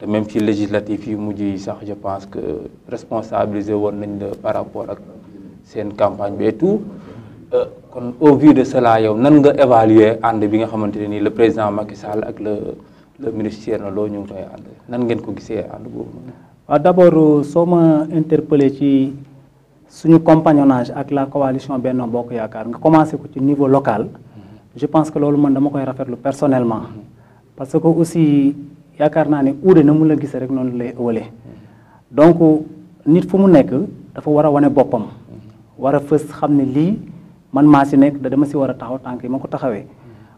Même même si législatif yi je pense que responsabiliser par rapport à cette campagne et tout euh, au vu de cela yow nan nga évaluer and bi nga xamanteni le président Macky Sall ak le le ministère nous Lo ñu ngi koy ànd nan ngeen ko gisé and euh, interpellé ci suñu compagnonnage avec la coalition Benno Bokk Yaakaar nga commencé ko ci niveau local. Mhm. je pense que lolu man dama koy rafetlu personnellement. Mhm. parce que aussi. yaakaar naa ne uude na mu la gise rek noonu la ëwalee donc nit fu mu nekk dafa war a wane boppam war a fës xam ne lii man maa si nekk da dama si war a taxaw tànk yi ma ko taxawee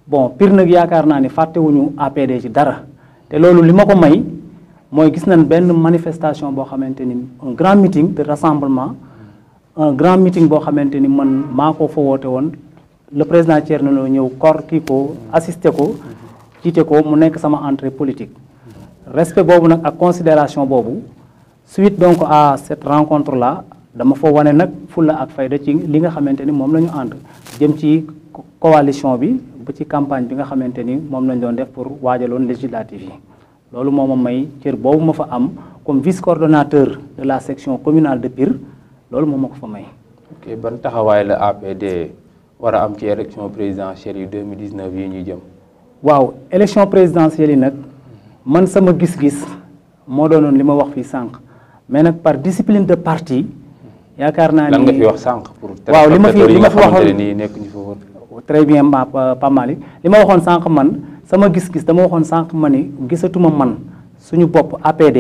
bon pire nag yaakaar naa ni fàttewuñu APD ci dara te loolu li ma ko may mooy gis nañ benn manifestation boo xamante ni un grand meeting boo xamante ni man maa ko fa woote woon le président Thierno Lo ñëw kor kii ko assisté ko jiite ko mu nekk sama entrée politique respect bobu nak ak considération bobu suite donc à cette rencontre là dama fa wone nak fulla ak fayda ci li nga xamanteni mom lañu la ñu jëm ci coalition bi bu ci campagne bi nga xamanteni mom lañ doon def pour waajaloon législative yi loolu moo may cër bobu ma fa am comme vice coordonnateur de la section communale de Pire lolou moo ma fa may. ok ban taxaway la APD wara am ci élection présidentielle 2019 yi ñu jëm. waaw élection présidentielle yi man sama gis-gis moo doonoon li ma wax fii sànq mais nag par discipline de parti yaakaar naa ni nga fi wax sànq. pour waaw li ma fi li ma fi waxoon nii nekk ñu fa woon très bien Pape li ma waxoon sànq man sama gis-gis dama waxoon sànq ma ni gisatuma man suñu bopp APD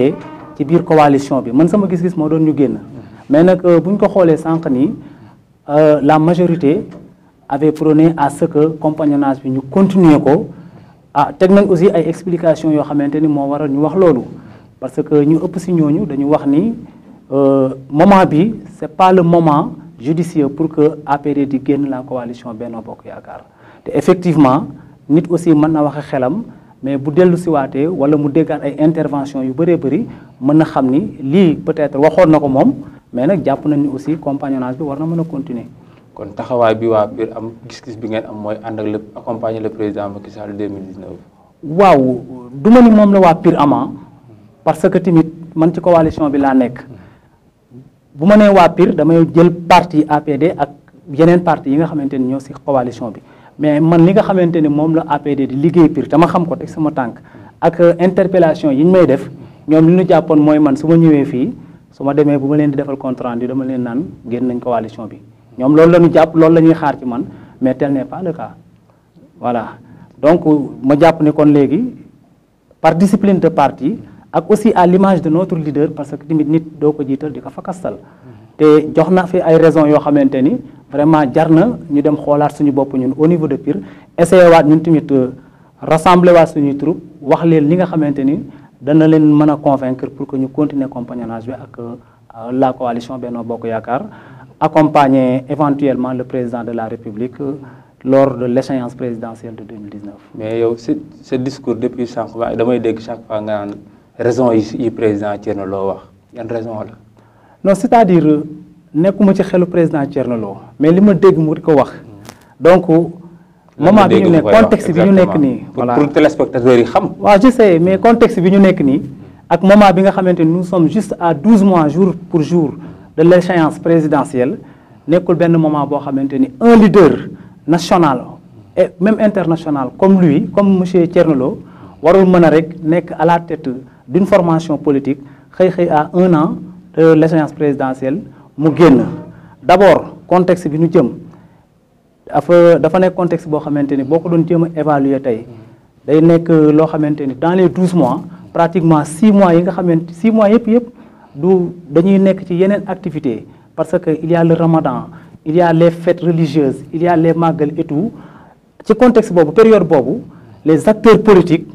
ci biir coalition bi man sama gis-gis moo doon ñu génn. mais nag euh, bu ñu ko xoolee sànq nii euh, la majorité avait prôné à ce que compagnonnage bi ñu continuer ko. ah aussi ay explications yoo xamante ni moo waral ñu wax loolu parce que ñu ëpp si ñooñu dañu wax ni euh, moment bi c'est pas le moment judiciaire pour que APR di génn la coalition Benno Bokk Yaakaar te effectivement nit aussi mën na wax xelam mais bu dellu siwaatee wala mu déggaat ay intervention yu bëree bëri mën na xam ni lii peut-être waxoon na ko mais nag jàpp nañ ni aussi compagnonnage bi war na mën continuer kon taxawaay bi waa biir am gis-gis bi ngeen am mooy ànd ak le accompagner le président Macky Sall 2019. waaw du ma ni moom la waa PUR ama ah, parce que tamit man ci coalition bi laa nekk bu ma nee waa PUR damay jël parti APD ak yeneen parti yi nga xamante ni ñoo si coalition bi mais man li nga xamante ni moom la APD di liggéey PUR ma xam ko teg sama tànk ak interpellation yi ñu may def ñoom li ñu jàppoon mooy man su ma ñëwee fii su ma demee bu ma leen di defal compte rendu dama leen naan génn nañ coalition bi. ñoom loolu la ñu jàpp loolu la ñuy xaar ci man mais tel n'est pas le cas voilà donc ma jàpp ne kon léegi par discipline de parti ak aussi à l'image de notre leader parce que tamit nit doo ko jiital di ko fakastal te jox na fi ay raisons yoo xamante ni vraiment jar na ñu dem xoolaat suñu bopp ñun au niveau de Pire essayé waat ñun tamit euh, rassembler waat suñuy troupe wax leen li nga xamante ni dana leen mën a convaincre pour que ñu continuer compagnonnage bi ak euh, la coalition Benno Bokk Yaakaar accompagner éventuellement le président de la République euh, lors de l'échéance présidentielle de 2019. mais ce discours depuis sànq me damay que chaque fois nga raison yi yi président Thierno y a une raison là. non c'est-à-dire euh, ne ci pas président Thierno Lo mais président ma dégg mu il ko wax donc. Euh, moment bi ñu contexte bi ñu nekk nii. voilà pour téléspectateurs je sais mais contexte bi ñu nekk avec ak moment bi nga nous sommes juste à 12 mois jour pour jour de l'échéance présidentielle le benn moment pour maintenir un leader national et même international comme lui comme M. Thierno Lo warul mën n'est rek à la tête d'une formation politique xëy à un an de l'échéance présidentielle mu le d'abord contexte bi ñu jëm dafa dafa nekk contexte boo beaucoup ni boo que a évaluer day dans les 12 mois pratiquement six mois yi nga six mois et puis du dañuy nekk ci activité parce que il y a le ramadan il y a les fêtes religieuses il y a les magal et tout ci contexte boobu période les acteurs politiques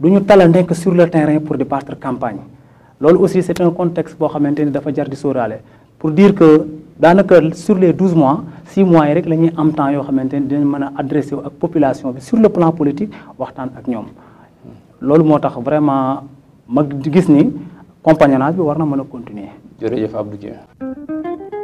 ne sont talal nekk sur le terrain pour débattre campagne loolu aussi c'est un contexte boo xamante ni dafa jar pour dire que daanaka sur les 12 mois 6 mois yi rek la am temps yoo adresser ni dinañ population sur le plan politique waxtaan ak ñoom loolu moo tax vraiment ma gis ni compagnonnage bi war na mën a continuer. jërëjëf Abdou Dieng.